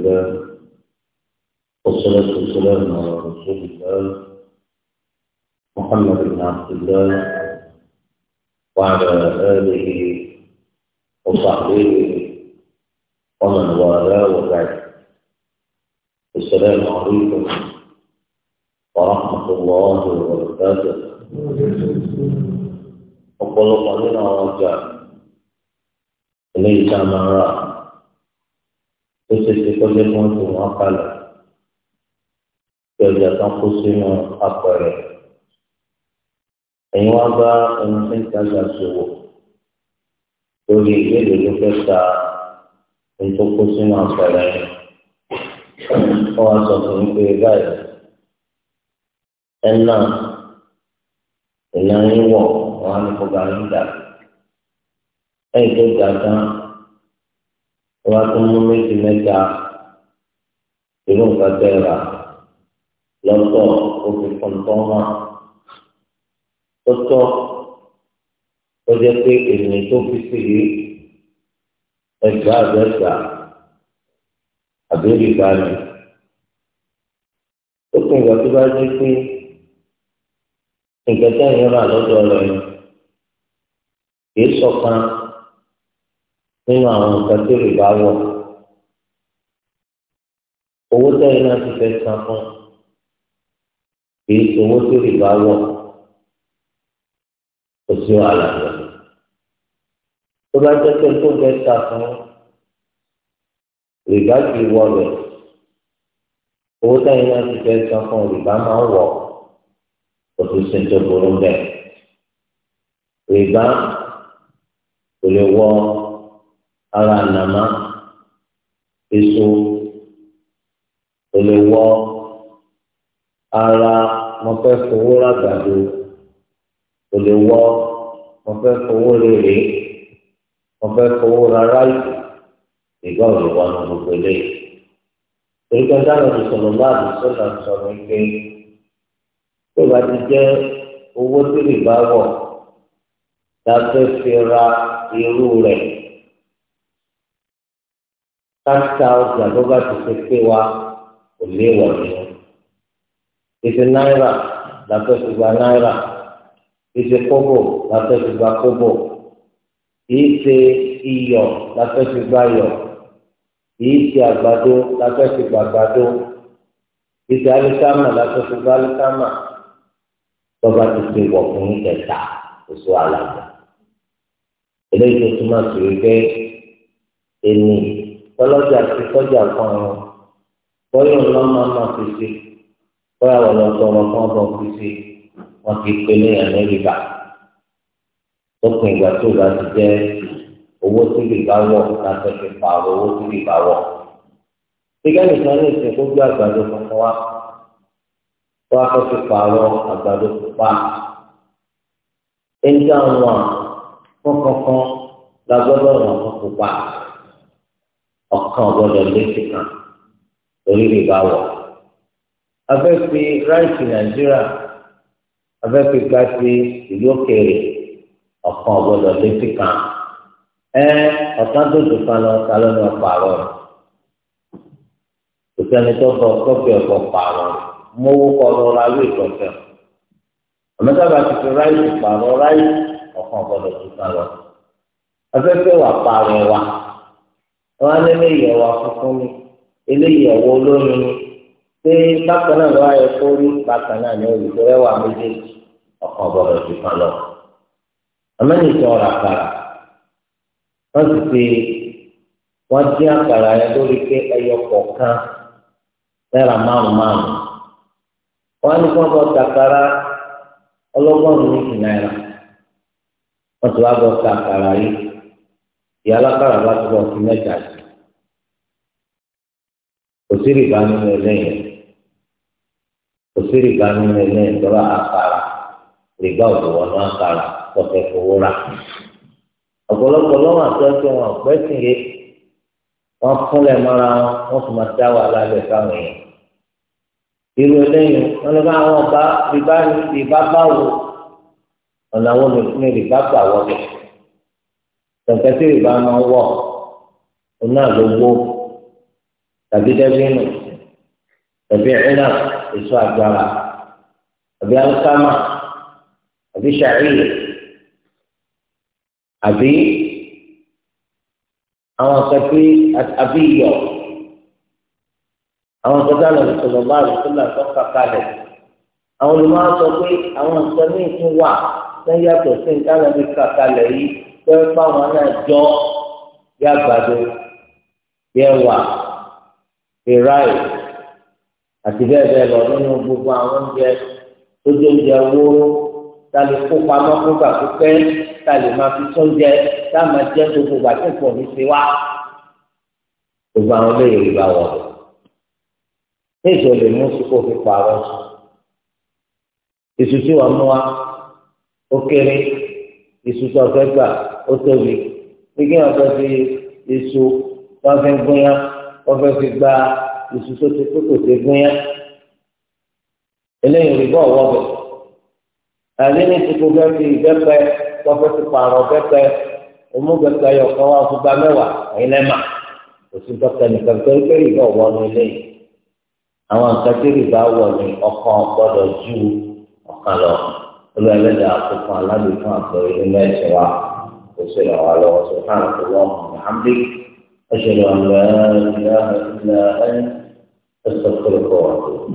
الله والصلاة والسلام على رسول الله محمد بن عبد الله وعلى آله وصحبه ومن والاه وبعد السلام عليكم ورحمة الله وبركاته ọ̀pọ̀lọpọ̀ nínú àwọn ọjà ilé ó ṣe ṣe kọjá fún oṣù wọn kalẹ̀ kí ọjà kan kó sínú apẹ̀rẹ̀ ẹ̀yin wá bá ẹni tí ń tajà ṣòwò lórí ìbéèrè ló fẹ́ ta ẹni tó kó sínú apẹ̀rẹ̀ yẹn wọ́n wá sọ fún mi pé báyìí ẹ̀ náà èèyàn ń wọ̀ wọ́n á ní kó ba ń dà ẹ̀yìn tó dà gan wọ́n tún mú méjì mẹ́ta irú nǹkan tẹ́ lọ́tọ̀ ó kọ̀ǹtọ́n hàn tó tọ́ ó jẹ́ pé ènìyàn tó fi sí rí ẹgbẹ́ àgbẹ̀gbà àbẹ́rẹ́ ìbáni ó kún ìgbà tó bá dé pé nǹkan ìyẹn rà lọ́dọ̀ rẹ̀ kì í sọ̀kan nínú àwọn nǹkan tó lè bá wọ̀ owó tẹ́lẹ̀ náà ti fẹ́ san fún kìí ṣe owó tó lè bá wọ̀ kò sí wàhálà rẹ̀ tó bá jẹ́ pé tó fẹ́ ta fún rìbá kìí wọ̀ owó tẹ́lẹ̀ náà ti fẹ́ san fún rìbá máa wọ̀ kò tó ṣe burú bẹ́ẹ̀ rìbá kò lè wọ̀ ara ànàmá èso olèwọ ara mo fẹ́ fowó ràgbàdo olèwọ mo fẹ́ fowó rere mo fẹ́ fowó rárá ìlú ìgbà olèwọ ní gbogbo eléyìí èyíkọ́ dáná ti sọ̀rọ̀ bá àdìsọ́nà sọ̀rọ̀ pé tó bá ti jẹ́ owó tó lè bá wọ̀ la fẹ́ fi ra irú rẹ̀ five thousand ló bá ti ṣe pé wa kò léwọ̀ nínú ètò náírà làtọ́ ti gba náírà ètò kóbò làtọ́ ti gba kóbò kìí ṣe iyọ̀ làtọ́ ti gba yọ̀ kìí ṣe àgbàdo làtọ́ ti gba àgbàdo kìí alikama làtọ́ ti gba alikama lọ́ba ti ṣe wọ̀ fún ìtẹ̀ta oṣù alàgbà eléyìí tó túmọ̀ sí wípé ẹni tọ́lọ́jà ti tọ́jà kan ọ̀run bọ́yọ̀ ńlá máa fi ṣe bọ́yà wọ̀ lọ sọ fi ṣe wọn kì í pe léyàn ní rìbá ìgbà tó bá ti jẹ́ owó tí rìbá wọ̀ láti fi pààrọ̀ owó tí rìbá wọ̀. ìgbà nìkan ní ìsìn kó gbé àgbàdo kankan wá tó a fẹ́ fi pààrọ̀ àgbàdo pupa ẹni tí àwọn wọn kankan la gbọ́dọ̀ ràn fún pupa ọ̀kan ọ̀gbọ́dọ̀ létí kan lórí rìbá wọ̀. afẹ́ fi ráìsì nàìjíríà afẹ́ fi ká sí ìlú òkèèrè ọ̀kan ọ̀gbọ́dọ̀ létí kan ẹ ọ̀kan tó dùn kan lọ ta lọ́nà pààrọ̀ rẹ̀ kò sẹ́ni tó kọ kọ́pì ọ̀pọ̀ pààrọ̀ rẹ̀ mówó kọ́ lọ́ra lórí ìtọ́fẹ́ ọ̀mọ́tàbà ti fi ráìsì pààrọ̀ ráìsì ọ̀kan ọ̀gbọ́dọ̀ dùn kan lọ afẹ́fẹ́ wà pààrọ̀ wà. wọn á lé ìyàwó àfikún ni eléyìí ẹwọ olóyún ni pé bákan náà lọ́wọ́ ayẹ kó rí bákan náà ní olùkọ́rẹ́ wà méjèèjì ọ̀kan bọ̀rọ̀ ju kan lọ. amẹ́nìtì ọ̀rọ̀ àkàrà wọ́n sì fi wọ́n dín àkàrà yẹn lórí pé ẹyọ kọ̀ọ̀kan márùn márùn wọ́n ìyá alákàrà bá tó bọ̀ fún mẹ́ta sí kò sí rìbá nínú ẹlẹ́yìn kò sí rìbá nínú ẹlẹ́yìn tọ́lá àkàrà rìbá òdòwọ́ náà àkàrà tọ́fẹ́ fowó rà ọ̀pọ̀lọpọ̀ lọ́wọ́ àtọ́jọ́ wọn ọ̀pẹ́ sì yé wọ́n fúnlẹ̀ mọ́ra wọn wọ́n sì máa dá wàhálà lẹ̀ fáwọn èèyàn irú ẹlẹ́yìn wọn lè bá àwọn rìbá báwo ọ̀nà àwọn olùkúni rìbá gbà wọlé. tẹ̀sí tí ìbá máa wọ̀ ọ̀nà àgbègbè ló gbó tàbí dẹ́bínú tàbí ẹ̀nà èso àgbàrá tàbí alùpàmà tàbí sàríyè àbí àwọn kẹfí àbí iyọ̀ àwọn kẹfí àlọ́bí sọ̀rọ̀ bá àlọ́ sílẹ̀ tó kàkà lẹ̀ àwọn olùmọ̀ sọ pé àwọn nǹkan ní ìtún wà sẹ́yìn yàtọ̀ sí nǹkan àlọ́bí kàkà lẹ̀ yìí. fẹ́ fáwọn náà jọ bí àgbàdo bí ẹ̀wà bí ráì àti bẹ́ẹ̀ bẹ́ẹ̀ lọ nínú gbogbo àwọn oúnjẹ tó jẹ́ oúnjẹ wóró ta lè kó pamọ́ fún gbà pípẹ́ ta lè máa fi tó jẹ ta máa jẹ gbogbo gbà tó pọ̀ ní tiwa gbogbo àwọn olóyè ìgbà wọ̀ ní ìjọ lè mú sí kó fi pààrọ̀ sùn mú wa ó kéré iṣu tó fẹ́ gbà ó tóbi pé kí wọ́n fẹ́ fi iṣu tó fẹ́ gbóyà wọ́n fẹ́ fi gba iṣu tó ti kókò tó gbóyà eléyìí rí bọ́ọ̀ wọ́ bẹ̀. àlẹ́ ní ti kó fẹ́ fi ìbẹ́pẹ tó fẹ́ fi pààrọ̀ bẹ́pẹ òmùbẹ́pẹ yọ̀kan wá fún gba mẹ́wàá ẹ̀yin lẹ́mà òsì dọ́kítà nìkan tó ń kéré ìbọ̀ wọ́ ní eléyìí àwọn nǹkan tí rìbá wọ̀ ní ọkàn gbọ́dọ̀ ju ọkàn lọ. الذي أعطف على بفاق وإلى سواء وصلى على سبحانك اللهم وبحمدك أشهد أن لا إله إلا أنت أستغفرك وأتوب